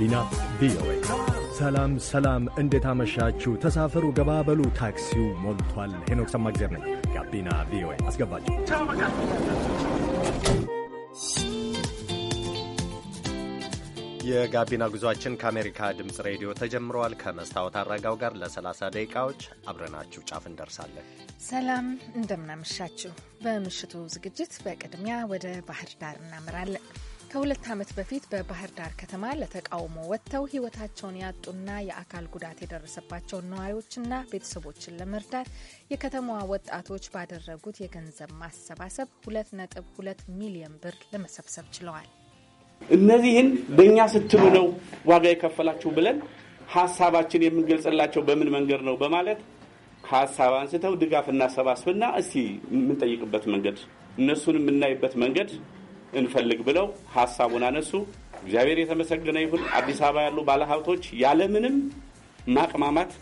ጋቢና ቪኦኤ። ሰላም ሰላም፣ እንዴት አመሻችሁ? ተሳፈሩ፣ ገባበሉ፣ ታክሲው ሞልቷል። ሄኖክ ሰማግዜር ነኝ። ጋቢና ቪኦኤ አስገባችሁ። የጋቢና ጉዟችን ከአሜሪካ ድምፅ ሬዲዮ ተጀምረዋል። ከመስታወት አረጋው ጋር ለ30 ደቂቃዎች አብረናችሁ ጫፍ እንደርሳለን። ሰላም እንደምናመሻችሁ። በምሽቱ ዝግጅት በቅድሚያ ወደ ባህር ዳር እናመራለን። ከሁለት ዓመት በፊት በባህር ዳር ከተማ ለተቃውሞ ወጥተው ሕይወታቸውን ያጡና የአካል ጉዳት የደረሰባቸውን ነዋሪዎችና ቤተሰቦችን ለመርዳት የከተማዋ ወጣቶች ባደረጉት የገንዘብ ማሰባሰብ ሁለት ነጥብ ሚሊዮን ብር ለመሰብሰብ ችለዋል። እነዚህን በእኛ ስትሉ ነው ዋጋ የከፈላችሁ ብለን ሀሳባችን የምንገልጽላቸው በምን መንገድ ነው በማለት ሀሳብ አንስተው ድጋፍ እናሰባስብና እስቲ የምንጠይቅበት መንገድ እነሱን የምናይበት መንገድ እንፈልግ ብለው ሀሳቡን አነሱ። እግዚአብሔር የተመሰገነ ይሁን። አዲስ አበባ ያሉ ባለሀብቶች ያለምንም ማቅማማት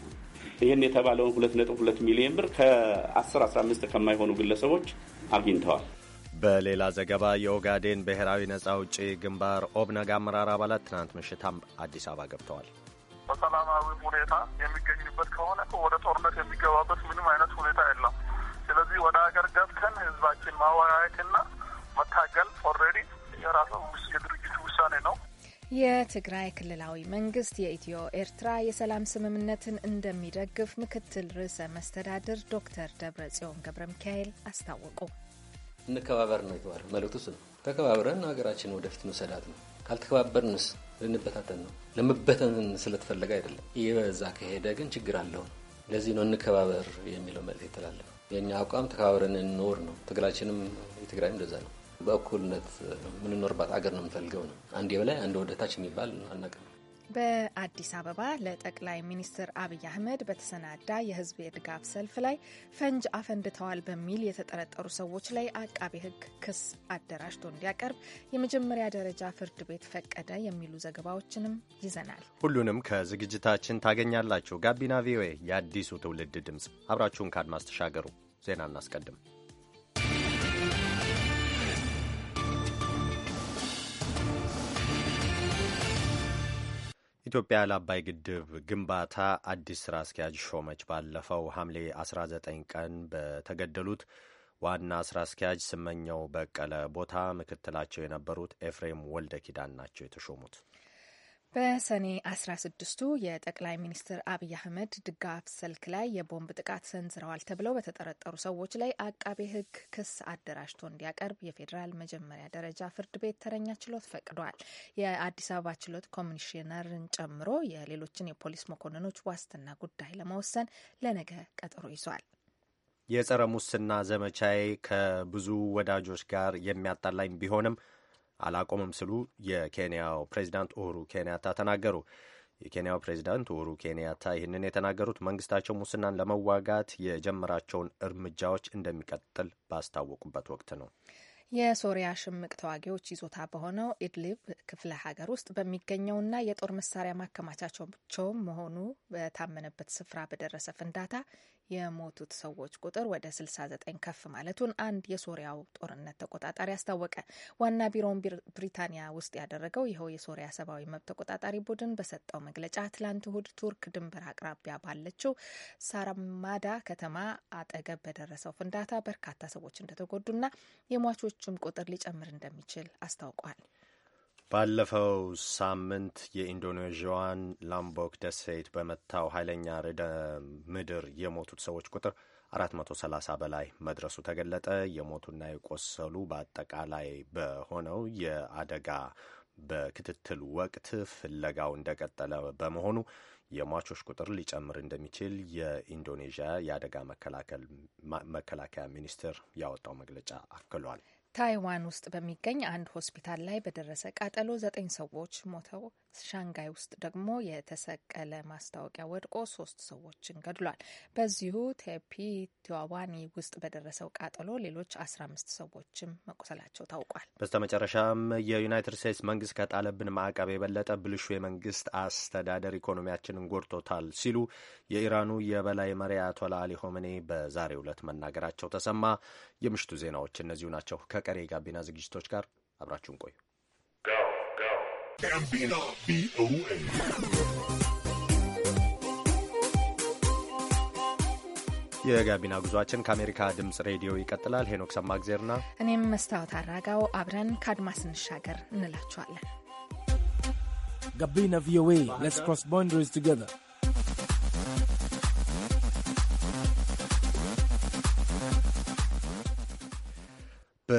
ይህን የተባለውን 2.2 ሚሊዮን ብር ከ10 15 ከማይሆኑ ግለሰቦች አግኝተዋል። በሌላ ዘገባ የኦጋዴን ብሔራዊ ነጻ አውጪ ግንባር ኦብነግ አመራር አባላት ትናንት ምሽታም አዲስ አበባ ገብተዋል። በሰላማዊ ሁኔታ የሚገኙበት ከሆነ ወደ ጦርነት የሚገባበት ምንም አይነት ሁኔታ የለም። ስለዚህ ወደ ሀገር ገብተን ህዝባችን ማወያየትና መታገል ኦልሬዲ የራሱ የድርጅቱ ውሳኔ ነው። የትግራይ ክልላዊ መንግስት የኢትዮ ኤርትራ የሰላም ስምምነትን እንደሚደግፍ ምክትል ርዕሰ መስተዳድር ዶክተር ደብረ ጽዮን ገብረ ሚካኤል አስታወቁ። እንከባበር ነው የተባለው። መልእክቱ ስ ነው። ተከባብረን ሀገራችን ወደፊት መሰዳት ነው። ካልተከባበርንስ ልንበታተን ነው። ለመበተን ስለተፈለገ አይደለም። ይህ በዛ ከሄደ ግን ችግር አለው። ለዚህ ነው እንከባበር የሚለው መልእክት የተላለፈ። የእኛ አቋም ተከባብረን እንኖር ነው። ትግላችንም የትግራይም እንደዛ ነው። በእኩልነት የምንኖርባት አገር ነው የምንፈልገው ነው። አንድ የበላይ አንድ ወደታች የሚባል አናውቅም። በአዲስ አበባ ለጠቅላይ ሚኒስትር አብይ አህመድ በተሰናዳ የህዝብ የድጋፍ ሰልፍ ላይ ፈንጅ አፈንድተዋል በሚል የተጠረጠሩ ሰዎች ላይ አቃቤ ሕግ ክስ አደራጅቶ እንዲያቀርብ የመጀመሪያ ደረጃ ፍርድ ቤት ፈቀደ የሚሉ ዘገባዎችንም ይዘናል። ሁሉንም ከዝግጅታችን ታገኛላችሁ። ጋቢና ቪኦኤ፣ የአዲሱ ትውልድ ድምፅ። አብራችሁን ከአድማስ ተሻገሩ። ዜና እናስቀድም። ኢትዮጵያ ለአባይ ግድብ ግንባታ አዲስ ስራ አስኪያጅ ሾመች። ባለፈው ሐምሌ 19 ቀን በተገደሉት ዋና ስራ አስኪያጅ ስመኘው በቀለ ቦታ ምክትላቸው የነበሩት ኤፍሬም ወልደ ኪዳን ናቸው የተሾሙት። በሰኔ 16ቱ የጠቅላይ ሚኒስትር አብይ አህመድ ድጋፍ ሰልክ ላይ የቦምብ ጥቃት ሰንዝረዋል ተብለው በተጠረጠሩ ሰዎች ላይ አቃቤ ሕግ ክስ አደራጅቶ እንዲያቀርብ የፌዴራል መጀመሪያ ደረጃ ፍርድ ቤት ተረኛ ችሎት ፈቅዷል። የአዲስ አበባ ችሎት ኮሚሽነርን ጨምሮ የሌሎችን የፖሊስ መኮንኖች ዋስትና ጉዳይ ለመወሰን ለነገ ቀጠሮ ይዟል። የጸረ ሙስና ዘመቻዬ ከብዙ ወዳጆች ጋር የሚያጣላኝ ቢሆንም አላቆምም ስሉ የኬንያው ፕሬዚዳንት ኡሁሩ ኬንያታ ተናገሩ። የኬንያው ፕሬዚዳንት ኡሁሩ ኬንያታ ይህንን የተናገሩት መንግስታቸው ሙስናን ለመዋጋት የጀመራቸውን እርምጃዎች እንደሚቀጥል ባስታወቁበት ወቅት ነው። የሶሪያ ሽምቅ ተዋጊዎች ይዞታ በሆነው ኢድሊብ ክፍለ ሀገር ውስጥ በሚገኘውና የጦር መሳሪያ ማከማቻቸው መሆኑ በታመነበት ስፍራ በደረሰ ፍንዳታ የሞቱት ሰዎች ቁጥር ወደ 69 ከፍ ማለቱን አንድ የሶሪያው ጦርነት ተቆጣጣሪ አስታወቀ። ዋና ቢሮውን ብሪታንያ ውስጥ ያደረገው ይኸው የሶሪያ ሰብአዊ መብት ተቆጣጣሪ ቡድን በሰጠው መግለጫ ትላንት እሁድ ቱርክ ድንበር አቅራቢያ ባለችው ሳራማዳ ከተማ አጠገብ በደረሰው ፍንዳታ በርካታ ሰዎች እንደተጎዱና የሟቾችም ቁጥር ሊጨምር እንደሚችል አስታውቋል። ባለፈው ሳምንት የኢንዶኔዥያዋን ላምቦክ ደሴት በመታው ኃይለኛ ርዕደ ምድር የሞቱት ሰዎች ቁጥር 430 በላይ መድረሱ ተገለጠ። የሞቱና የቆሰሉ በአጠቃላይ በሆነው የአደጋ በክትትል ወቅት ፍለጋው እንደቀጠለ በመሆኑ የሟቾች ቁጥር ሊጨምር እንደሚችል የኢንዶኔዥያ የአደጋ መከላከያ ሚኒስቴር ያወጣው መግለጫ አክሏል። ታይዋን ውስጥ በሚገኝ አንድ ሆስፒታል ላይ በደረሰ ቃጠሎ ዘጠኝ ሰዎች ሞተው ሻንጋይ ውስጥ ደግሞ የተሰቀለ ማስታወቂያ ወድቆ ሶስት ሰዎችን ገድሏል። በዚሁ ቴፒ ቲዋዋኒ ውስጥ በደረሰው ቃጠሎ ሌሎች አስራ አምስት ሰዎችም መቁሰላቸው ታውቋል። በስተ መጨረሻም የዩናይትድ ስቴትስ መንግስት ከጣለብን ማዕቀብ የበለጠ ብልሹ የመንግስት አስተዳደር ኢኮኖሚያችንን ጎድቶታል ሲሉ የኢራኑ የበላይ መሪ አያቶላ አሊ ሆሜኒ በዛሬው ዕለት መናገራቸው ተሰማ። የምሽቱ ዜናዎች እነዚሁ ናቸው። ከቀሪ የጋቢና ዝግጅቶች ጋር አብራችሁን ቆዩ። የጋቢና ጉዟችን ከአሜሪካ ድምፅ ሬዲዮ ይቀጥላል። ሄኖክ ሰማግዜርና እኔም መስታወት አራጋው አብረን ከአድማስ እንሻገር እንላችኋለን። ጋቢና ቪኦኤ ሌትስ ክሮስ ባውንደሪስ ቱጌዘር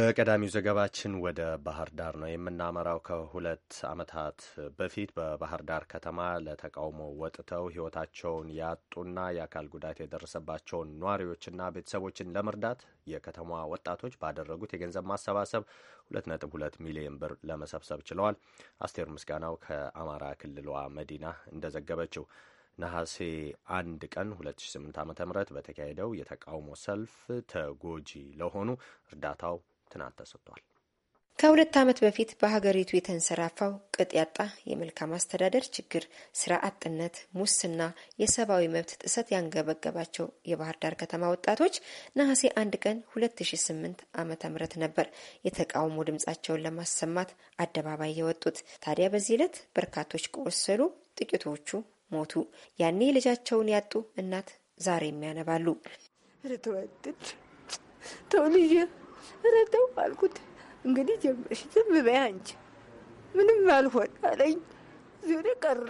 በቀዳሚው ዘገባችን ወደ ባህር ዳር ነው የምናመራው። ከሁለት ዓመታት በፊት በባህር ዳር ከተማ ለተቃውሞ ወጥተው ሕይወታቸውን ያጡና የአካል ጉዳት የደረሰባቸውን ነዋሪዎችና ቤተሰቦችን ለመርዳት የከተማዋ ወጣቶች ባደረጉት የገንዘብ ማሰባሰብ 2.2 ሚሊዮን ብር ለመሰብሰብ ችለዋል። አስቴር ምስጋናው ከአማራ ክልሏ መዲና እንደዘገበችው ነሐሴ አንድ ቀን 2008 ዓ ም በተካሄደው የተቃውሞ ሰልፍ ተጎጂ ለሆኑ እርዳታው ትናንት ተሰጥቷል። ከሁለት ዓመት በፊት በሀገሪቱ የተንሰራፋው ቅጥ ያጣ የመልካም አስተዳደር ችግር፣ ስራ አጥነት፣ ሙስና፣ የሰብአዊ መብት ጥሰት ያንገበገባቸው የባህር ዳር ከተማ ወጣቶች ነሐሴ አንድ ቀን 2008 ዓ.ም ነበር የተቃውሞ ድምጻቸውን ለማሰማት አደባባይ የወጡት። ታዲያ በዚህ ዕለት በርካቶች ቆሰሉ፣ ጥቂቶቹ ሞቱ። ያኔ ልጃቸውን ያጡ እናት ዛሬ የሚያነባሉ ረተው አልኩት። እንግዲህ ጀምረሽ ዝም በይ አንቺ ምንም አልሆን አለኝ። ዞሬ ቀረ።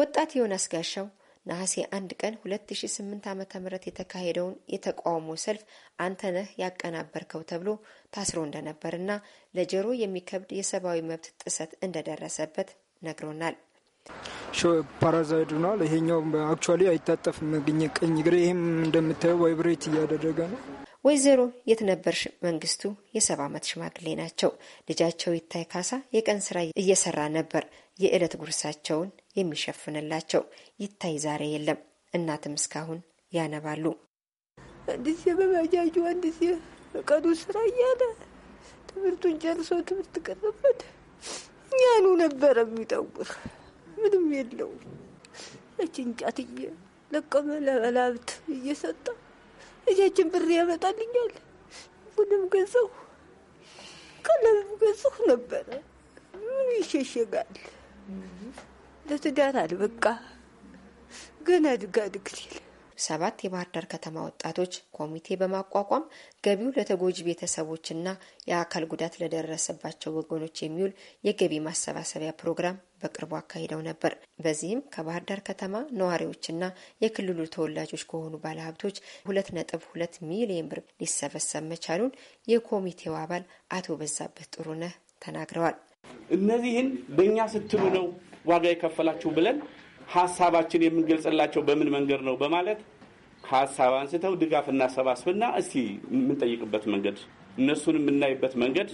ወጣት ዮናስ ጋሻው ነሐሴ አንድ ቀን 2008 ዓ ም የተካሄደውን የተቃውሞ ሰልፍ አንተነህ ያቀናበርከው ተብሎ ታስሮ እንደነበርና ለጆሮ የሚከብድ የሰብአዊ መብት ጥሰት እንደደረሰበት ነግሮናል። ፓራዛይድ ሆኗል። ይሄኛው አክቹዋሊ አይታጠፍም ግኝ ቀኝ እግሬ ይህም እንደምታየው ቫይብሬት እያደረገ ነው ወይዘሮ የትነበርሽ መንግስቱ የሰባ ዓመት ሽማግሌ ናቸው። ልጃቸው ይታይ ካሳ የቀን ስራ እየሰራ ነበር የዕለት ጉርሳቸውን የሚሸፍንላቸው። ይታይ ዛሬ የለም። እናትም እስካሁን ያነባሉ። አዲስ በባጃጁ አዲስ ቀዱ ስራ እያለ ትምህርቱን ጨርሶ ትምህርት ቀረበት። እኛኑ ነበረ የሚጠጉር ምንም የለውም። ለጭንጫትዬ ለቀመ ለመላብት እየሰጠ ልጃችን ብር ያመጣልኛል። ሁሉም ገንዘቡ ቀለብ ገንዘቡ ነበረ። ምን ይሸሸጋል? ለትዳር አልበቃ ገና ድጋ ድግ ሲል ሰባት የባህር ዳር ከተማ ወጣቶች ኮሚቴ በማቋቋም ገቢው ለተጎጂ ቤተሰቦችና የአካል ጉዳት ለደረሰባቸው ወገኖች የሚውል የገቢ ማሰባሰቢያ ፕሮግራም በቅርቡ አካሂደው ነበር። በዚህም ከባህር ዳር ከተማ ነዋሪዎችና የክልሉ ተወላጆች ከሆኑ ባለሀብቶች ሁለት ነጥብ ሁለት ሚሊዮን ብር ሊሰበሰብ መቻሉን የኮሚቴው አባል አቶ በዛበት ጥሩነህ ተናግረዋል። እነዚህን በእኛ ስትሉ ነው ዋጋ የከፈላችሁ ብለን ሀሳባችን የምንገልጽላቸው በምን መንገድ ነው በማለት ሀሳብ አንስተው ድጋፍ እናሰባስብና እስቲ የምንጠይቅበት መንገድ እነሱን የምናይበት መንገድ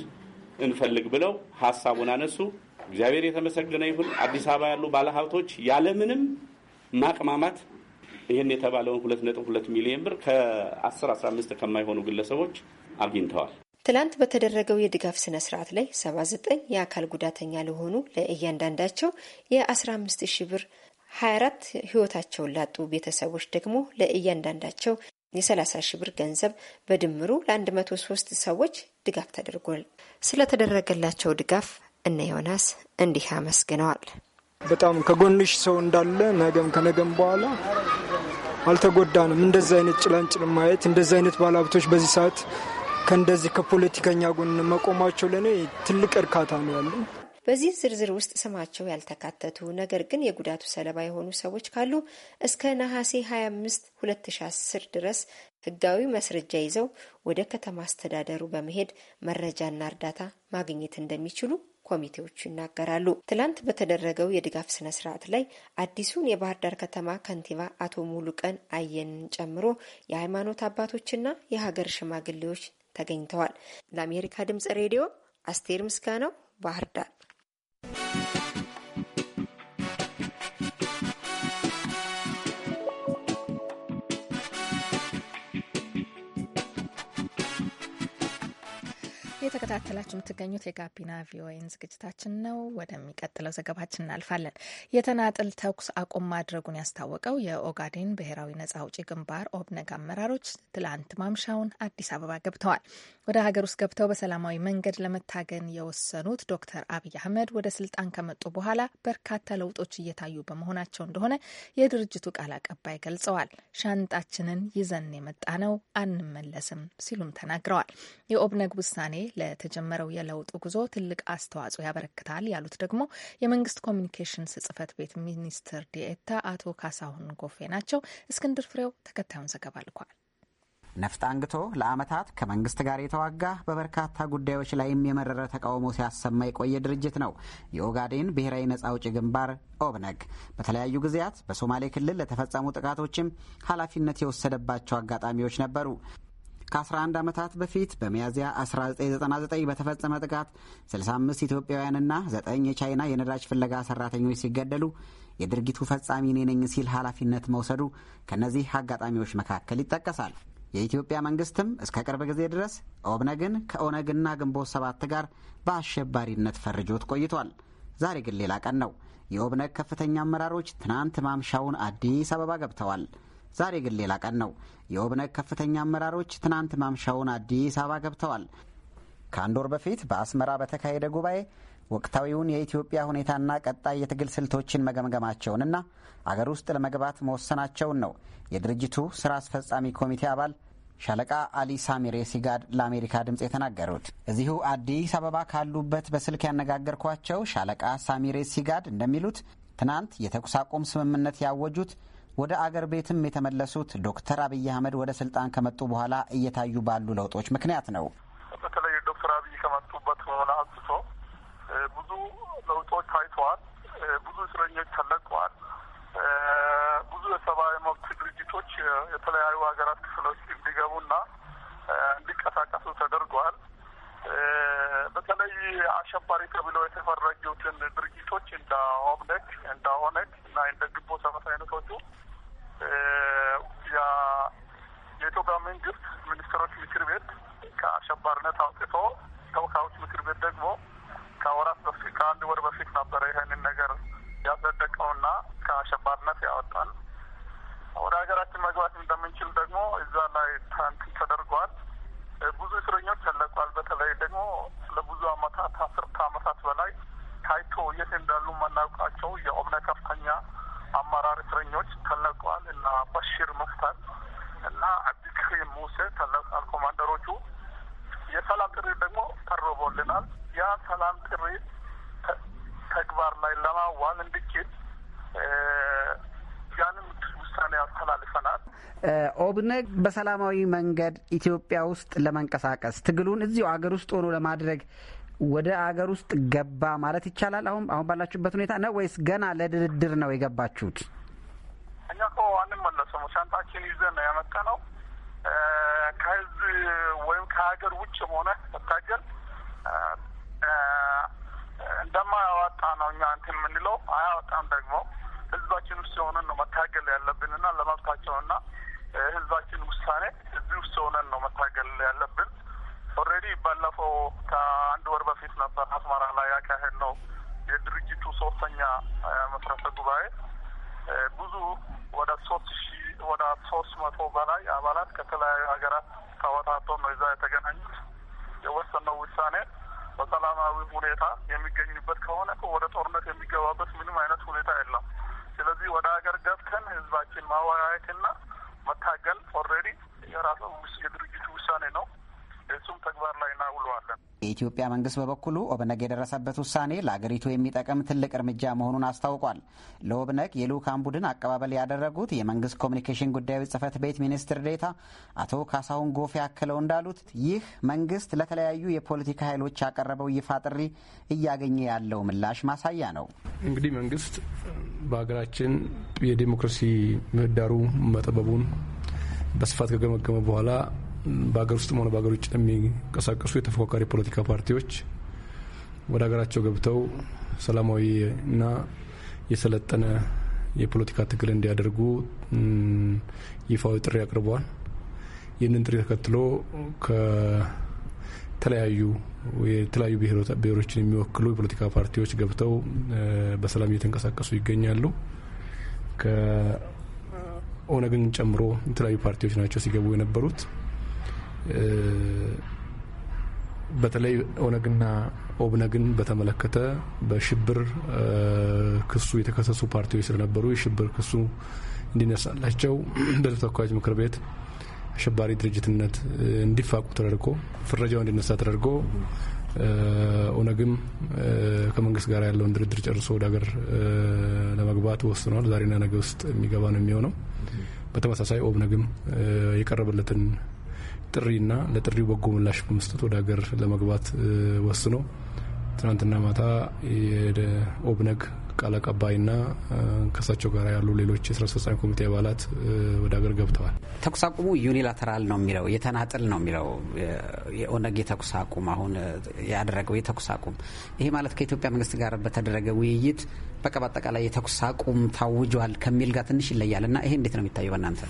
እንፈልግ ብለው ሀሳቡን አነሱ። እግዚአብሔር የተመሰገነ ይሁን። አዲስ አበባ ያሉ ባለሀብቶች ያለምንም ማቅማማት ይህን የተባለውን 22 ሚሊዮን ብር ከ10 15 ከማይሆኑ ግለሰቦች አግኝተዋል። ትላንት በተደረገው የድጋፍ ስነ ስርዓት ላይ 79 የአካል ጉዳተኛ ለሆኑ ለእያንዳንዳቸው የ15 ሺ ብር 24 ህይወታቸውን ላጡ ቤተሰቦች ደግሞ ለእያንዳንዳቸው የ30 ሺ ብር ገንዘብ በድምሩ ለ103 ሰዎች ድጋፍ ተደርጓል። ስለተደረገላቸው ድጋፍ እነ ዮናስ እንዲህ አመስግነዋል። በጣም ከጎንሽ ሰው እንዳለ ነገም ከነገም በኋላ አልተጎዳንም። እንደዚህ አይነት ጭላንጭል ማየት እንደዚህ አይነት ባለሀብቶች በዚህ ሰዓት ከእንደዚህ ከፖለቲከኛ ጎን መቆማቸው ለእኔ ትልቅ እርካታ ነው ያለን። በዚህ ዝርዝር ውስጥ ስማቸው ያልተካተቱ ነገር ግን የጉዳቱ ሰለባ የሆኑ ሰዎች ካሉ እስከ ነሐሴ 25 2010 ድረስ ህጋዊ ማስረጃ ይዘው ወደ ከተማ አስተዳደሩ በመሄድ መረጃና እርዳታ ማግኘት እንደሚችሉ ኮሚቴዎቹ ይናገራሉ። ትላንት በተደረገው የድጋፍ ስነ ስርዓት ላይ አዲሱን የባህር ዳር ከተማ ከንቲባ አቶ ሙሉቀን አየንን ጨምሮ የሃይማኖት አባቶችና የሀገር ሽማግሌዎች ተገኝተዋል። ለአሜሪካ ድምጽ ሬዲዮ አስቴር ምስጋናው ባህር ዳር። እየተከታተላችሁ የምትገኙት የጋቢና ቪኦኤን ዝግጅታችን ነው። ወደሚቀጥለው ዘገባችን እናልፋለን። የተናጥል ተኩስ አቁም ማድረጉን ያስታወቀው የኦጋዴን ብሔራዊ ነጻ አውጪ ግንባር ኦብነግ አመራሮች ትላንት ማምሻውን አዲስ አበባ ገብተዋል። ወደ ሀገር ውስጥ ገብተው በሰላማዊ መንገድ ለመታገን የወሰኑት ዶክተር አብይ አህመድ ወደ ስልጣን ከመጡ በኋላ በርካታ ለውጦች እየታዩ በመሆናቸው እንደሆነ የድርጅቱ ቃል አቀባይ ገልጸዋል። ሻንጣችንን ይዘን የመጣ ነው አንመለስም ሲሉም ተናግረዋል። የኦብነግ ውሳኔ ለተጀመረው የለውጥ ጉዞ ትልቅ አስተዋጽኦ ያበረክታል ያሉት ደግሞ የመንግስት ኮሚኒኬሽንስ ጽህፈት ቤት ሚኒስትር ዲኤታ አቶ ካሳሁን ጎፌ ናቸው። እስክንድር ፍሬው ተከታዩን ዘገባ ልኳል። ነፍጥ አንግቶ ለአመታት ከመንግስት ጋር የተዋጋ በበርካታ ጉዳዮች ላይም የመረረ ተቃውሞ ሲያሰማ የቆየ ድርጅት ነው የኦጋዴን ብሔራዊ ነጻ አውጪ ግንባር ኦብነግ። በተለያዩ ጊዜያት በሶማሌ ክልል ለተፈጸሙ ጥቃቶችም ኃላፊነት የወሰደባቸው አጋጣሚዎች ነበሩ። ከ11 ዓመታት በፊት በሚያዝያ 1999 በተፈጸመ ጥቃት 65 ኢትዮጵያውያንና 9 የቻይና የነዳጅ ፍለጋ ሰራተኞች ሲገደሉ የድርጊቱ ፈጻሚ እኔ ነኝ ሲል ኃላፊነት መውሰዱ ከእነዚህ አጋጣሚዎች መካከል ይጠቀሳል። የኢትዮጵያ መንግስትም እስከ ቅርብ ጊዜ ድረስ ኦብነግን ከኦነግና ግንቦት ሰባት ጋር በአሸባሪነት ፈርጆት ቆይቷል። ዛሬ ግን ሌላ ቀን ነው። የኦብነግ ከፍተኛ አመራሮች ትናንት ማምሻውን አዲስ አበባ ገብተዋል። ዛሬ ግን ሌላ ቀን ነው። የኦብነግ ከፍተኛ አመራሮች ትናንት ማምሻውን አዲስ አበባ ገብተዋል። ከአንድ ወር በፊት በአስመራ በተካሄደ ጉባኤ ወቅታዊውን የኢትዮጵያ ሁኔታና ቀጣይ የትግል ስልቶችን መገምገማቸውንና አገር ውስጥ ለመግባት መወሰናቸውን ነው የድርጅቱ ስራ አስፈጻሚ ኮሚቴ አባል ሻለቃ አሊ ሳሚሬ ሲጋድ ለአሜሪካ ድምፅ የተናገሩት። እዚሁ አዲስ አበባ ካሉበት በስልክ ያነጋገርኳቸው ሻለቃ ሳሚሬ ሲጋድ እንደሚሉት ትናንት የተኩስ አቁም ስምምነት ያወጁት ወደ አገር ቤትም የተመለሱት ዶክተር አብይ አህመድ ወደ ስልጣን ከመጡ በኋላ እየታዩ ባሉ ለውጦች ምክንያት ነው። በተለይ ዶክተር አብይ ከመጡበት ሆነ አንስቶ ብዙ ለውጦች ታይተዋል። ብዙ እስረኞች ተለቀዋል። ብዙ የሰብአዊ መብት ድርጅቶች የተለያዩ ሀገራት ክፍሎች እንዲገቡና እንዲቀሳቀሱ ተደርጓል። በተለይ አሸባሪ ተብለው የተፈረጁትን ድርጅቶች እንደ ኦብነግ፣ እንደ ኦነግ እና እንደ ግንቦት ሰባት አይነቶቹ የኢትዮጵያ መንግስት ሚኒስትሮች ምክር ቤት ከአሸባሪነት አውጥቶ በሰላማዊ መንገድ ኢትዮጵያ ውስጥ ለመንቀሳቀስ ትግሉን እዚሁ አገር ውስጥ ሆኖ ለማድረግ ወደ አገር ውስጥ ገባ ማለት ይቻላል? አሁን አሁን ባላችሁበት ሁኔታ ነው ወይስ ገና ለድርድር ነው የገባችሁት? እኛ እኮ አንመለስም። ሻንጣችን ይዘን ነው ነው። ከህዝብ ወይም ከሀገር ውጭ ሆነ መታገል እንደማያወጣ ነው እኛ እንትን የምንለው። አያወጣም ደግሞ ህዝባችን ውስጥ የሆነን ነው መታገል ያለብንና ለመብታቸውና ህዝባችን ውሳኔ እዚህ ውስጥ ሆነን ነው መታገል ያለብን። ኦልሬዲ ባለፈው ከአንድ ወር በፊት ነበር አስመራ ላይ ያካሄድ ነው የድርጅቱ ሶስተኛ መስረተ ጉባኤ ብዙ ወደ ሶስት ሺ ወደ ሶስት መቶ በላይ አባላት ከተለያዩ ሀገራት ተወጣቶ ነው እዛ የተገናኙት። የወሰነው ውሳኔ በሰላማዊ ሁኔታ የሚገኙበት ከሆነ ወደ ጦርነት የሚገባበት ምንም አይነት ሁኔታ የለም። ስለዚህ ወደ ሀገር ገብተን ህዝባችን ማወያየትና መታገል ኦልሬዲ የራሱ የድርጅቱ ውሳኔ ነው። እሱም ተግባር ላይ እናውለዋለን። የኢትዮጵያ መንግስት በበኩሉ ኦብነግ የደረሰበት ውሳኔ ለአገሪቱ የሚጠቅም ትልቅ እርምጃ መሆኑን አስታውቋል። ለኦብነግ የልዑካን ቡድን አቀባበል ያደረጉት የመንግስት ኮሚኒኬሽን ጉዳዮች ጽህፈት ቤት ሚኒስትር ዴታ አቶ ካሳሁን ጎፌ ያክለው እንዳሉት ይህ መንግስት ለተለያዩ የፖለቲካ ኃይሎች ያቀረበው ይፋ ጥሪ እያገኘ ያለው ምላሽ ማሳያ ነው። እንግዲህ መንግስት በሀገራችን የዲሞክራሲ ምህዳሩ መጠበቡን በስፋት ከገመገመ በኋላ በሀገር ውስጥም ሆነ በሀገር ውጭ የሚንቀሳቀሱ የተፎካካሪ ፖለቲካ ፓርቲዎች ወደ ሀገራቸው ገብተው ሰላማዊ እና የሰለጠነ የፖለቲካ ትግል እንዲያደርጉ ይፋዊ ጥሪ አቅርበዋል። ይህንን ጥሪ ተከትሎ ከተለያዩ የተለያዩ ብሔሮችን የሚወክሉ የፖለቲካ ፓርቲዎች ገብተው በሰላም እየተንቀሳቀሱ ይገኛሉ። ከኦነግን ጨምሮ የተለያዩ ፓርቲዎች ናቸው ሲገቡ የነበሩት። በተለይ ኦነግና ኦብነግን በተመለከተ በሽብር ክሱ የተከሰሱ ፓርቲዎች ስለነበሩ የሽብር ክሱ እንዲነሳላቸው በሕዝብ ምክር ቤት አሸባሪ ድርጅትነት እንዲፋቁ ተደርጎ ፍረጃው እንዲነሳ ተደርጎ ኦነግም ከመንግስት ጋር ያለውን ድርድር ጨርሶ ወደ ሀገር ለመግባት ወስኗል። ዛሬና ነገ ውስጥ የሚገባ ነው የሚሆነው። በተመሳሳይ ኦብነግም የቀረበለትን ጥሪና ለጥሪው በጎ ምላሽ በመስጠት ወደ ሀገር ለመግባት ወስኖ ትናንትና ማታ የኦብነግ ቃል አቀባይና ከሳቸው ጋር ያሉ ሌሎች የስራ አስፈጻሚ ኮሚቴ አባላት ወደ ሀገር ገብተዋል። ተኩስ አቁሙ ዩኒላተራል ነው የሚለው የተናጥል ነው የሚለው የኦነግ የተኩስ አቁም አሁን ያደረገው የተኩስ አቁም ይሄ ማለት ከኢትዮጵያ መንግስት ጋር በተደረገ ውይይት በቃ በአጠቃላይ የተኩስ አቁም ታውጇል ከሚል ጋር ትንሽ ይለያል እና ይሄ እንዴት ነው የሚታየው በእናንተ?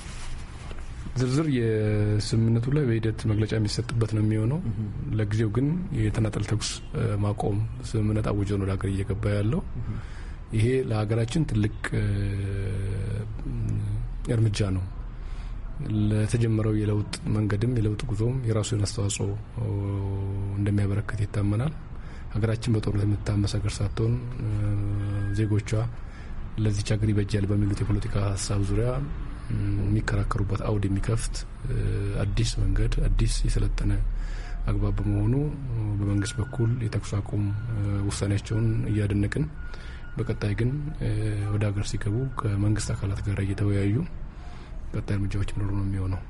ዝርዝር የስምምነቱ ላይ በሂደት መግለጫ የሚሰጥበት ነው የሚሆነው። ለጊዜው ግን የተናጠል ተኩስ ማቆም ስምምነት አውጆ ነው ወደ ሀገር እየገባ ያለው። ይሄ ለሀገራችን ትልቅ እርምጃ ነው። ለተጀመረው የለውጥ መንገድም የለውጥ ጉዞም የራሱን አስተዋጽኦ እንደሚያበረክት ይታመናል። ሀገራችን በጦርነት የምታመስ ሀገር ሳትሆን ዜጎቿ ለዚች ሀገር ይበጃል በሚሉት የፖለቲካ ሀሳብ ዙሪያ የሚከራከሩበት አውድ የሚከፍት አዲስ መንገድ፣ አዲስ የሰለጠነ አግባብ በመሆኑ በመንግስት በኩል የተኩስ አቁም ውሳኔያቸውን እያደነቅን በቀጣይ ግን ወደ ሀገር ሲገቡ ከመንግስት አካላት ጋር እየተወያዩ ቀጣይ እርምጃዎች ኖሩ ነው የሚሆነው።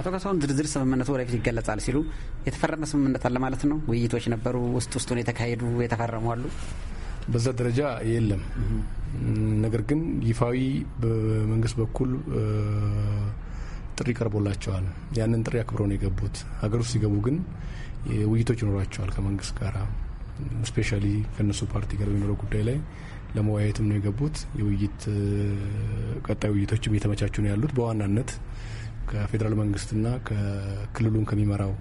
አቶ ካሳሁን ዝርዝር ስምምነቱ ወደፊት ይገለጻል ሲሉ የተፈረመ ስምምነት አለ ማለት ነው? ውይይቶች ነበሩ፣ ውስጥ ውስጡን የተካሄዱ የተፈረሙ አሉ? በዛ ደረጃ የለም። ነገር ግን ይፋዊ በመንግስት በኩል ጥሪ ቀርቦላቸዋል። ያንን ጥሪ አክብረው ነው የገቡት። ሀገር ውስጥ ሲገቡ ግን ውይይቶች ይኖሯቸዋል ከመንግስት ጋር ስፔሻሊ ከእነሱ ፓርቲ ጋር በሚኖረው ጉዳይ ላይ ለመወያየትም ነው የገቡት። የውይይት ቀጣይ ውይይቶችም እየተመቻቹ ነው ያሉት በዋናነት ከፌዴራል መንግስትና ከክልሉን ከሚመራው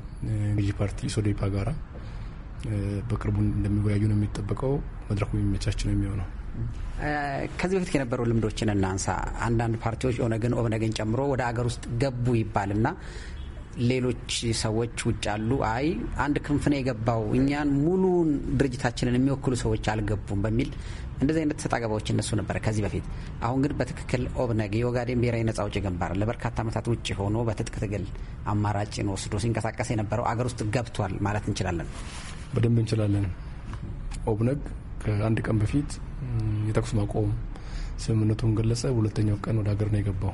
ገዢ ፓርቲ ሶዴፓ ጋራ በቅርቡ እንደሚወያዩ ነው የሚጠበቀው። መድረኩ የሚመቻች ነው የሚሆነው። ከዚህ በፊት የነበሩ ልምዶችን እናንሳ። አንዳንድ ፓርቲዎች ኦነግን ኦብነግን ጨምሮ ወደ አገር ውስጥ ገቡ ይባልና ሌሎች ሰዎች ውጭ አሉ። አይ አንድ ክንፍ ነው የገባው እኛን ሙሉን ድርጅታችንን የሚወክሉ ሰዎች አልገቡም በሚል እንደዚህ አይነት ሰጣ ገባዎች እነሱ ነበረ ከዚህ በፊት። አሁን ግን በትክክል ኦብነግ የኦጋዴን ብሔራዊ ነጻ አውጪ ግንባር ለበርካታ ዓመታት ውጭ ሆኖ በትጥቅ ትግል አማራጭን ወስዶ ሲንቀሳቀስ የነበረው አገር ውስጥ ገብቷል ማለት እንችላለን። በደንብ እንችላለን። ኦብነግ ከአንድ ቀን በፊት የተኩስ ማቆም ስምምነቱን ገለጸ። ሁለተኛው ቀን ወደ ሀገር ነው የገባው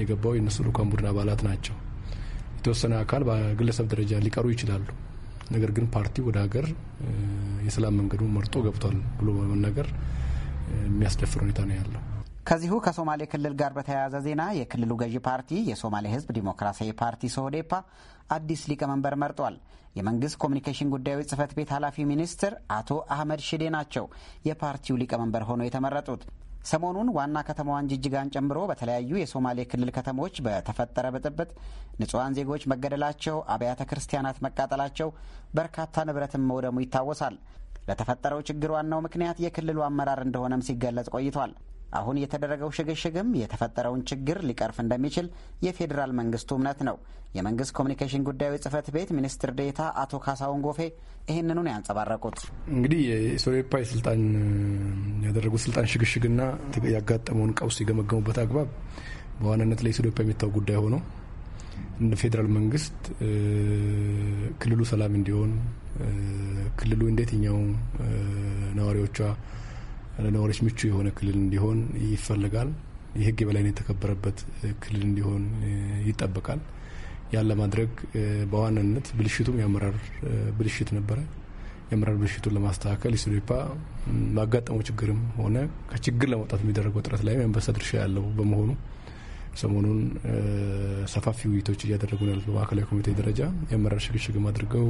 የገባው የእነሱ ልኡካን ቡድን አባላት ናቸው። የተወሰነ አካል በግለሰብ ደረጃ ሊቀሩ ይችላሉ። ነገር ግን ፓርቲ ወደ ሀገር የሰላም መንገዱን መርጦ ገብቷል ብሎ መናገር የሚያስደፍር ሁኔታ ነው ያለው። ከዚሁ ከሶማሌ ክልል ጋር በተያያዘ ዜና የክልሉ ገዢ ፓርቲ የሶማሌ ሕዝብ ዲሞክራሲያዊ ፓርቲ ሶህዴፓ አዲስ ሊቀመንበር መርጧል። የመንግስት ኮሚኒኬሽን ጉዳዮች ጽህፈት ቤት ኃላፊ ሚኒስትር አቶ አህመድ ሽዴ ናቸው የፓርቲው ሊቀመንበር ሆነው የተመረጡት። ሰሞኑን ዋና ከተማዋን ጅጅጋን ጨምሮ በተለያዩ የሶማሌ ክልል ከተሞች በተፈጠረ ብጥብጥ ንጹሐን ዜጎች መገደላቸው፣ አብያተ ክርስቲያናት መቃጠላቸው፣ በርካታ ንብረትም መውደሙ ይታወሳል። ለተፈጠረው ችግር ዋናው ምክንያት የክልሉ አመራር እንደሆነም ሲገለጽ ቆይቷል። አሁን የተደረገው ሽግሽግም የተፈጠረውን ችግር ሊቀርፍ እንደሚችል የፌዴራል መንግስቱ እምነት ነው። የመንግስት ኮሚኒኬሽን ጉዳዮች ጽህፈት ቤት ሚኒስትር ዴታ አቶ ካሳሁን ጎፌ ይህንኑን ያንጸባረቁት እንግዲህ የሶሬፓ የስልጣን ያደረጉት ስልጣን ሽግሽግና ያጋጠመውን ቀውስ የገመገሙበት አግባብ በዋናነት ለኢሶዶፓ የሚታው ጉዳይ ሆኖ እንደ ፌዴራል መንግስት ክልሉ ሰላም እንዲሆን ክልሉ እንዴትኛው ነዋሪዎቿ ለነዋሪዎች ምቹ የሆነ ክልል እንዲሆን ይፈልጋል። የህግ የበላይነት የተከበረበት ክልል እንዲሆን ይጠበቃል። ያን ለማድረግ በዋናነት ብልሽቱም የአመራር ብልሽት ነበረ። የአመራር ብልሽቱን ለማስተካከል ኢሶዴፓ ማጋጠመው ችግርም ሆነ ከችግር ለመውጣት የሚደረገው ጥረት ላይ የአንበሳ ድርሻ ያለው በመሆኑ ሰሞኑን ሰፋፊ ውይይቶች እያደረጉ ነው ያሉት በማዕከላዊ ኮሚቴ ደረጃ የአመራር ሽግሽግም አድርገው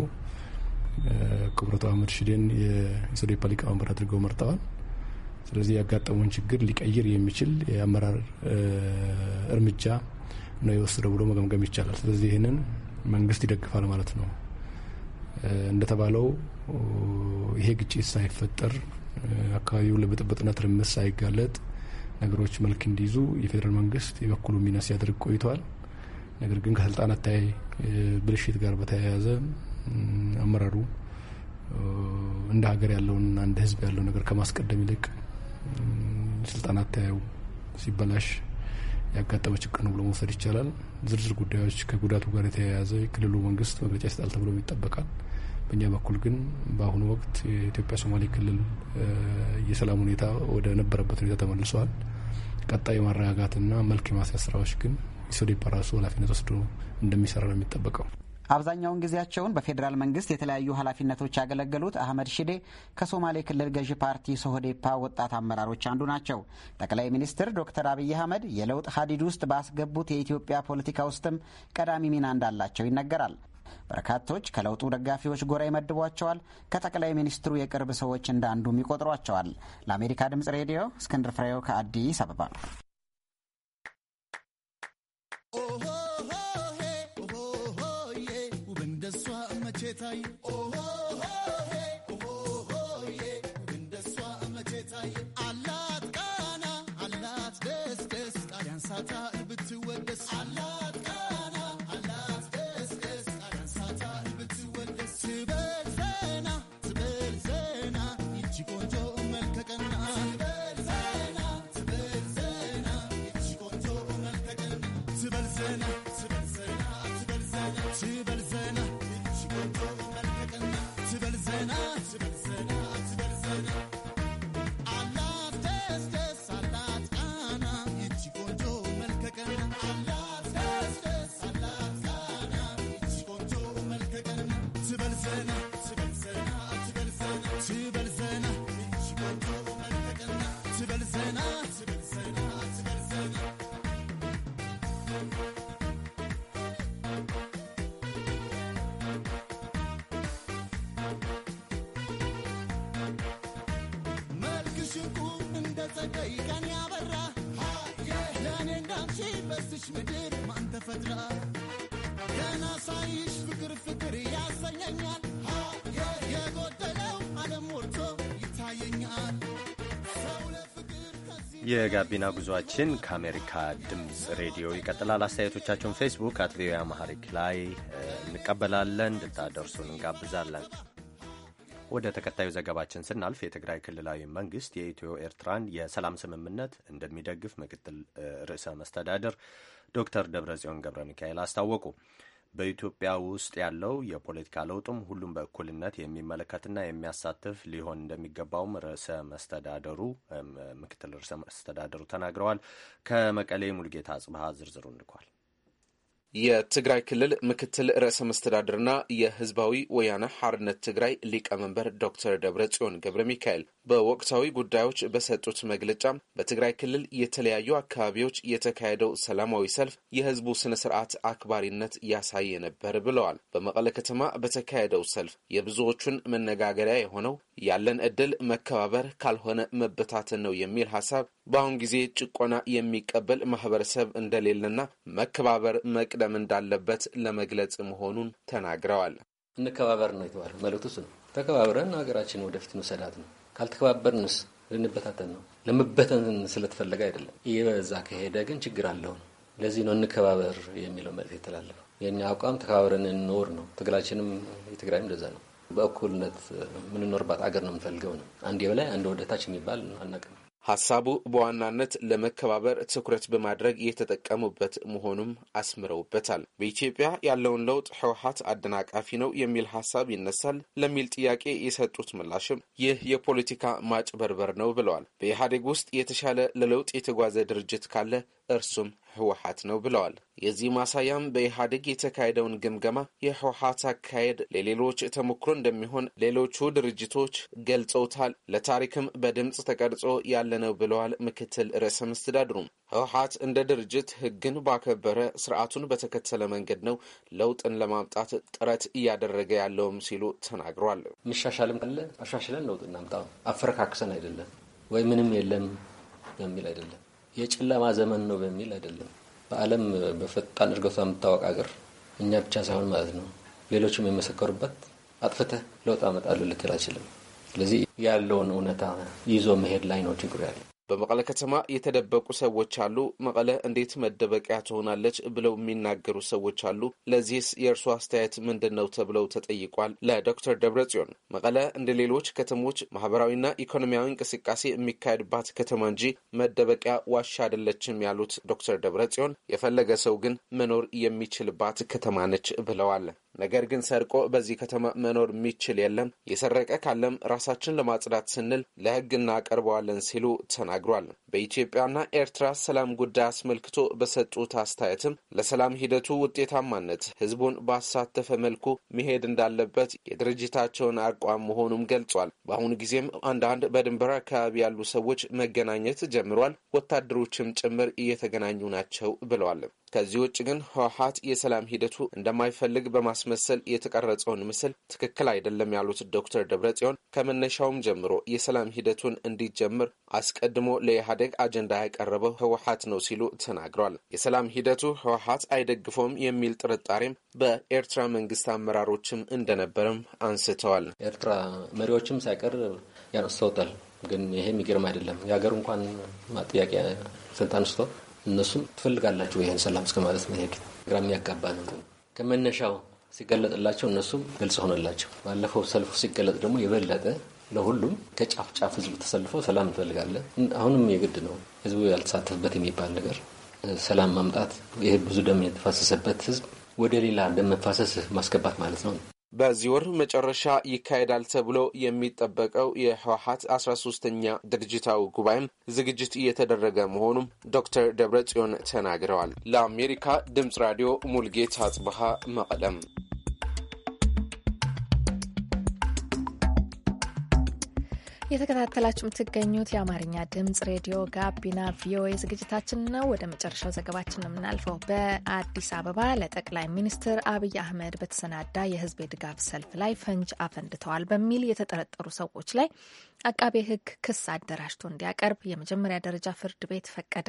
ክቡር አቶ አህመድ ሽዴን የኢሶዴፓ ሊቀመንበር አድርገው መርጠዋል። ስለዚህ ያጋጠመውን ችግር ሊቀይር የሚችል የአመራር እርምጃ ነው የወሰደው ብሎ መገምገም ይቻላል። ስለዚህ ይህንን መንግስት ይደግፋል ማለት ነው። እንደተባለው ይሄ ግጭት ሳይፈጠር አካባቢው ለብጥብጥና ትርምስ ሳይጋለጥ ነገሮች መልክ እንዲይዙ የፌዴራል መንግስት የበኩሉ ሚና ሲያደርግ ቆይተዋል። ነገር ግን ከስልጣን አታይ ብልሽት ጋር በተያያዘ አመራሩ እንደ ሀገር ያለውንና እንደ ህዝብ ያለው ነገር ከማስቀደም ይልቅ ስልጣን አተያዩ ሲበላሽ ያጋጠመ ችግር ነው ብሎ መውሰድ ይቻላል። ዝርዝር ጉዳዮች ከጉዳቱ ጋር የተያያዘ የክልሉ መንግስት መግለጫ ይሰጣል ተብሎ ይጠበቃል። በእኛ በኩል ግን በአሁኑ ወቅት የኢትዮጵያ ሶማሌ ክልል የሰላም ሁኔታ ወደ ነበረበት ሁኔታ ተመልሷል። ቀጣይ የማረጋጋትና መልክ የማስያዝ ስራዎች ግን ኢሶዴፓ ራሱ ኃላፊነት ወስዶ እንደሚሰራ ነው የሚጠበቀው። አብዛኛውን ጊዜያቸውን በፌዴራል መንግስት የተለያዩ ኃላፊነቶች ያገለገሉት አህመድ ሺዴ ከሶማሌ ክልል ገዢ ፓርቲ ሶህዴፓ ወጣት አመራሮች አንዱ ናቸው። ጠቅላይ ሚኒስትር ዶክተር አብይ አህመድ የለውጥ ሀዲድ ውስጥ ባስገቡት የኢትዮጵያ ፖለቲካ ውስጥም ቀዳሚ ሚና እንዳላቸው ይነገራል። በርካቶች ከለውጡ ደጋፊዎች ጎራ ይመድቧቸዋል። ከጠቅላይ ሚኒስትሩ የቅርብ ሰዎች እንዳንዱም ይቆጥሯቸዋል። ለአሜሪካ ድምጽ ሬዲዮ እስክንድር ፍሬው ከአዲስ አበባ Oh. ፀጋይ ቀን ያበራ ለእኔ እንዳንቺ በዚች ምድር ማን ተፈጥራ ገና ሳይሽ ፍቅር ፍቅር ያሰኘኛል የጎደለው ዓለም ሞልቶ ይታየኛል። የጋቢና ጉዟችን ከአሜሪካ ድምፅ ሬዲዮ ይቀጥላል። አስተያየቶቻችሁን ፌስቡክ አት ቪኦኤ አማሃሪክ ላይ እንቀበላለን። ልታደርሱን እንጋብዛለን። ወደ ተከታዩ ዘገባችን ስናልፍ የትግራይ ክልላዊ መንግስት የኢትዮ ኤርትራን የሰላም ስምምነት እንደሚደግፍ ምክትል ርዕሰ መስተዳድር ዶክተር ደብረጽዮን ገብረ ሚካኤል አስታወቁ። በኢትዮጵያ ውስጥ ያለው የፖለቲካ ለውጥም ሁሉም በእኩልነት የሚመለከትና የሚያሳትፍ ሊሆን እንደሚገባውም ርዕሰ መስተዳደሩ ምክትል ርዕሰ መስተዳደሩ ተናግረዋል። ከመቀሌ ሙልጌታ ጽብሃ ዝርዝሩ ልኳል። የትግራይ ክልል ምክትል ርዕሰ መስተዳድርና የህዝባዊ ወያነ ሐርነት ትግራይ ሊቀመንበር ዶክተር ደብረ ጽዮን ገብረ ሚካኤል በወቅታዊ ጉዳዮች በሰጡት መግለጫ በትግራይ ክልል የተለያዩ አካባቢዎች የተካሄደው ሰላማዊ ሰልፍ የህዝቡ ስነ ስርዓት አክባሪነት ያሳየ ነበር ብለዋል። በመቀለ ከተማ በተካሄደው ሰልፍ የብዙዎቹን መነጋገሪያ የሆነው ያለን እድል መከባበር ካልሆነ መበታተን ነው የሚል ሀሳብ በአሁን ጊዜ ጭቆና የሚቀበል ማህበረሰብ እንደሌለና መከባበር መቅደም እንዳለበት ለመግለጽ መሆኑን ተናግረዋል። እንከባበር ነው የተባለ መልእክቱ እሱ ነው። ተከባብረን ሀገራችን ወደፊት መሰዳት ነው። ካልተከባበርንስ ልንበታተን ነው። ለመበተን ስለተፈለገ አይደለም። ይህ በዛ ከሄደ ግን ችግር አለው ነው። ለዚህ ነው እንከባበር የሚለው መልእክት የተላለፈው። የእኛ አቋም ተከባብረን እንኖር ነው። ትግላችንም የትግራይም እንደዛ ነው። በእኩልነት የምንኖርባት አገር ነው የምንፈልገው ነው። አንድ የበላይ አንድ ወደታች የሚባል አናውቅም። ሀሳቡ በዋናነት ለመከባበር ትኩረት በማድረግ የተጠቀሙበት መሆኑም አስምረውበታል። በኢትዮጵያ ያለውን ለውጥ ህወሀት አደናቃፊ ነው የሚል ሀሳብ ይነሳል ለሚል ጥያቄ የሰጡት ምላሽም ይህ የፖለቲካ ማጭበርበር ነው ብለዋል። በኢህአዴግ ውስጥ የተሻለ ለለውጥ የተጓዘ ድርጅት ካለ እርሱም ህወሀት ነው ብለዋል። የዚህ ማሳያም በኢህአዴግ የተካሄደውን ግምገማ የህወሀት አካሄድ ለሌሎች ተሞክሮ እንደሚሆን ሌሎቹ ድርጅቶች ገልጸውታል። ለታሪክም በድምፅ ተቀርጾ ያለ ነው ብለዋል። ምክትል ርዕሰ መስተዳድሩም ህወሀት እንደ ድርጅት ህግን ባከበረ ስርዓቱን በተከተለ መንገድ ነው ለውጥን ለማምጣት ጥረት እያደረገ ያለውም ሲሉ ተናግሯል። መሻሻልም ካለ አሻሽለን ለውጥ እናምጣ፣ አፈረካክሰን አይደለም ወይ ምንም የለም የሚል አይደለም የጨለማ ዘመን ነው በሚል አይደለም። በዓለም በፈጣን እድገቷ የምታወቅ አገር እኛ ብቻ ሳይሆን ማለት ነው ሌሎችም የመሰከሩበት አጥፍተህ ለውጥ አመጣለሁ ልትል አይችልም። ስለዚህ ያለውን እውነታ ይዞ መሄድ ላይ ነው ችግሩ ያለው። በመቀለ ከተማ የተደበቁ ሰዎች አሉ። መቀለ እንዴት መደበቂያ ትሆናለች ብለው የሚናገሩ ሰዎች አሉ። ለዚህስ የእርሱ አስተያየት ምንድን ነው ተብለው ተጠይቋል። ለዶክተር ደብረ ጽዮን መቀለ እንደ ሌሎች ከተሞች ማህበራዊና ኢኮኖሚያዊ እንቅስቃሴ የሚካሄድባት ከተማ እንጂ መደበቂያ ዋሻ አይደለችም ያሉት ዶክተር ደብረ ጽዮን የፈለገ ሰው ግን መኖር የሚችልባት ከተማ ነች ብለዋል። ነገር ግን ሰርቆ በዚህ ከተማ መኖር የሚችል የለም። የሰረቀ ካለም ራሳችን ለማጽዳት ስንል ለህግ እናቀርበዋለን ሲሉ ተናግሯል። በኢትዮጵያና ኤርትራ ሰላም ጉዳይ አስመልክቶ በሰጡት አስተያየትም ለሰላም ሂደቱ ውጤታማነት ህዝቡን ባሳተፈ መልኩ መሄድ እንዳለበት የድርጅታቸውን አቋም መሆኑም ገልጿል። በአሁኑ ጊዜም አንዳንድ በድንበር አካባቢ ያሉ ሰዎች መገናኘት ጀምሯል። ወታደሮችም ጭምር እየተገናኙ ናቸው ብለዋል። ከዚህ ውጭ ግን ህወሀት የሰላም ሂደቱ እንደማይፈልግ በማስመሰል የተቀረጸውን ምስል ትክክል አይደለም ያሉት ዶክተር ደብረጽዮን ከመነሻውም ጀምሮ የሰላም ሂደቱን እንዲጀምር አስቀድሞ ለኢህአዴግ አጀንዳ ያቀረበው ህወሀት ነው ሲሉ ተናግሯል። የሰላም ሂደቱ ህወሀት አይደግፈውም የሚል ጥርጣሬም በኤርትራ መንግስት አመራሮችም እንደነበረም አንስተዋል። ኤርትራ መሪዎችም ሳይቀር ያነስተውታል። ግን ይሄ የሚገርም አይደለም። የሀገር እንኳን ጥያቄ ስንት አንስቶ እነሱም ትፈልጋላችሁ ይህን ሰላም እስከ ማለት መሄድ ግራ የሚያጋባ ነው። ከመነሻው ሲገለጥላቸው እነሱም ግልጽ ሆነላቸው። ባለፈው ሰልፉ ሲገለጥ ደግሞ የበለጠ ለሁሉም ከጫፍ ጫፍ ህዝብ ተሰልፎ ሰላም እንፈልጋለን። አሁንም የግድ ነው ህዝቡ ያልተሳተፍበት የሚባል ነገር ሰላም ማምጣት ይህ ብዙ ደም የተፋሰሰበት ህዝብ ወደ ሌላ ደም መፋሰስ ማስገባት ማለት ነው። በዚህ ወር መጨረሻ ይካሄዳል ተብሎ የሚጠበቀው የህወሀት አስራ ሶስተኛ ድርጅታዊ ጉባኤም ዝግጅት እየተደረገ መሆኑም ዶክተር ደብረ ጽዮን ተናግረዋል። ለአሜሪካ ድምፅ ራዲዮ ሙልጌታ አጽብሃ መቀለም የተከታተላችሁ የምትገኙት የአማርኛ ድምጽ ሬዲዮ ጋቢና ቪኦኤ ዝግጅታችን ነው። ወደ መጨረሻው ዘገባችን የምናልፈው በአዲስ አበባ ለጠቅላይ ሚኒስትር አብይ አህመድ በተሰናዳ የህዝብ የድጋፍ ሰልፍ ላይ ፈንጅ አፈንድተዋል በሚል የተጠረጠሩ ሰዎች ላይ አቃቤ ሕግ ክስ አደራጅቶ እንዲያቀርብ የመጀመሪያ ደረጃ ፍርድ ቤት ፈቀደ።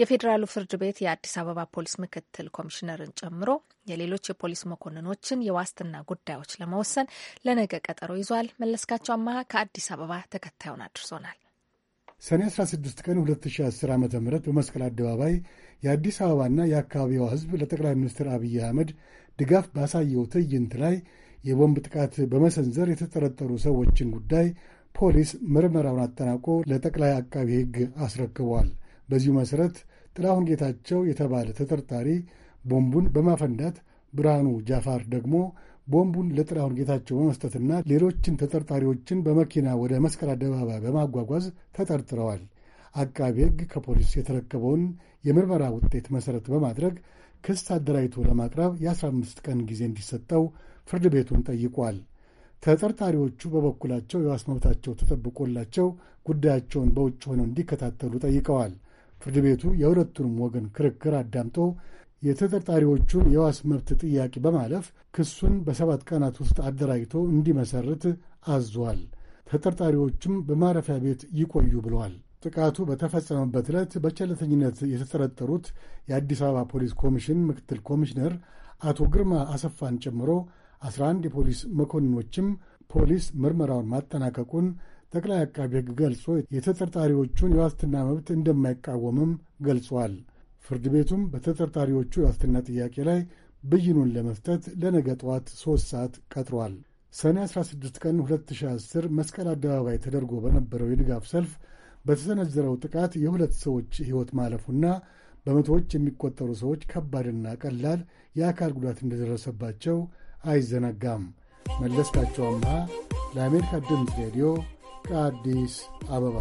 የፌዴራሉ ፍርድ ቤት የአዲስ አበባ ፖሊስ ምክትል ኮሚሽነርን ጨምሮ የሌሎች የፖሊስ መኮንኖችን የዋስትና ጉዳዮች ለመወሰን ለነገ ቀጠሮ ይዟል። መለስካቸው አማሃ ከአዲስ አበባ ተከታዩን አድርሶናል። ሰኔ 16 ቀን 2010 ዓ ም በመስቀል አደባባይ የአዲስ አበባና የአካባቢዋ ሕዝብ ለጠቅላይ ሚኒስትር አብይ አህመድ ድጋፍ ባሳየው ትዕይንት ላይ የቦምብ ጥቃት በመሰንዘር የተጠረጠሩ ሰዎችን ጉዳይ ፖሊስ ምርመራውን አጠናቆ ለጠቅላይ አቃቢ ሕግ አስረክቧል። በዚሁ መሠረት ጥላሁን ጌታቸው የተባለ ተጠርጣሪ ቦምቡን በማፈንዳት ብርሃኑ ጃፋር ደግሞ ቦምቡን ለጥላሁን ጌታቸው በመስጠትና ሌሎችን ተጠርጣሪዎችን በመኪና ወደ መስቀል አደባባይ በማጓጓዝ ተጠርጥረዋል። አቃቢ ሕግ ከፖሊስ የተረከበውን የምርመራ ውጤት መሠረት በማድረግ ክስ አደራጅቶ ለማቅረብ የ15 ቀን ጊዜ እንዲሰጠው ፍርድ ቤቱን ጠይቋል። ተጠርጣሪዎቹ በበኩላቸው የዋስ መብታቸው ተጠብቆላቸው ጉዳያቸውን በውጭ ሆነው እንዲከታተሉ ጠይቀዋል። ፍርድ ቤቱ የሁለቱንም ወገን ክርክር አዳምጦ የተጠርጣሪዎቹን የዋስ መብት ጥያቄ በማለፍ ክሱን በሰባት ቀናት ውስጥ አደራጅቶ እንዲመሰርት አዟል። ተጠርጣሪዎቹም በማረፊያ ቤት ይቆዩ ብለዋል። ጥቃቱ በተፈጸመበት ዕለት በቸለተኝነት የተጠረጠሩት የአዲስ አበባ ፖሊስ ኮሚሽን ምክትል ኮሚሽነር አቶ ግርማ አሰፋን ጨምሮ 11 የፖሊስ መኮንኖችም ፖሊስ ምርመራውን ማጠናቀቁን ጠቅላይ አቃቢ ሕግ ገልጾ የተጠርጣሪዎቹን የዋስትና መብት እንደማይቃወምም ገልጿል። ፍርድ ቤቱም በተጠርጣሪዎቹ የዋስትና ጥያቄ ላይ ብይኑን ለመስጠት ለነገ ጠዋት ሦስት ሰዓት ቀጥሯል። ሰኔ 16 ቀን 2010 መስቀል አደባባይ ተደርጎ በነበረው የድጋፍ ሰልፍ በተሰነዘረው ጥቃት የሁለት ሰዎች ሕይወት ማለፉና በመቶዎች የሚቆጠሩ ሰዎች ከባድና ቀላል የአካል ጉዳት እንደደረሰባቸው አይዘነጋም። መለስካቸው አምሃ ለአሜሪካ ድምፅ ሬዲዮ ከአዲስ አበባ።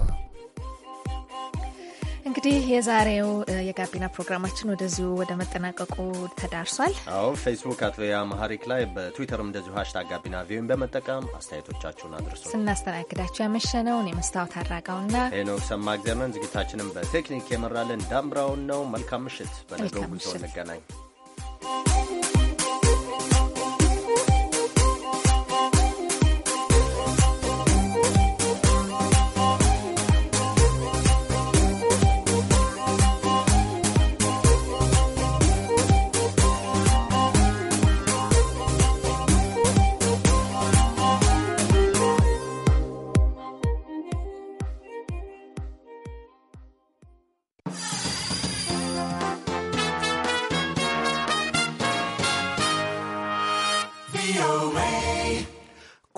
እንግዲህ የዛሬው የጋቢና ፕሮግራማችን ወደዚሁ ወደ መጠናቀቁ ተዳርሷል። አዎ ፌስቡክ አቶ የአማሃሪክ ላይ በትዊተርም እንደዚሁ ሀሽታግ ጋቢና ቪዮን በመጠቀም አስተያየቶቻችሁን አድርሱ። ስናስተናግዳችሁ ያመሸነውን የመስታወት አድራጋውና አራጋውና ሰማ ሰማእግዜርን፣ ዝግጅታችንም በቴክኒክ የመራልን ዳምብራውን ነው። መልካም ምሽት። በነገው ጉዞ እንገናኝ።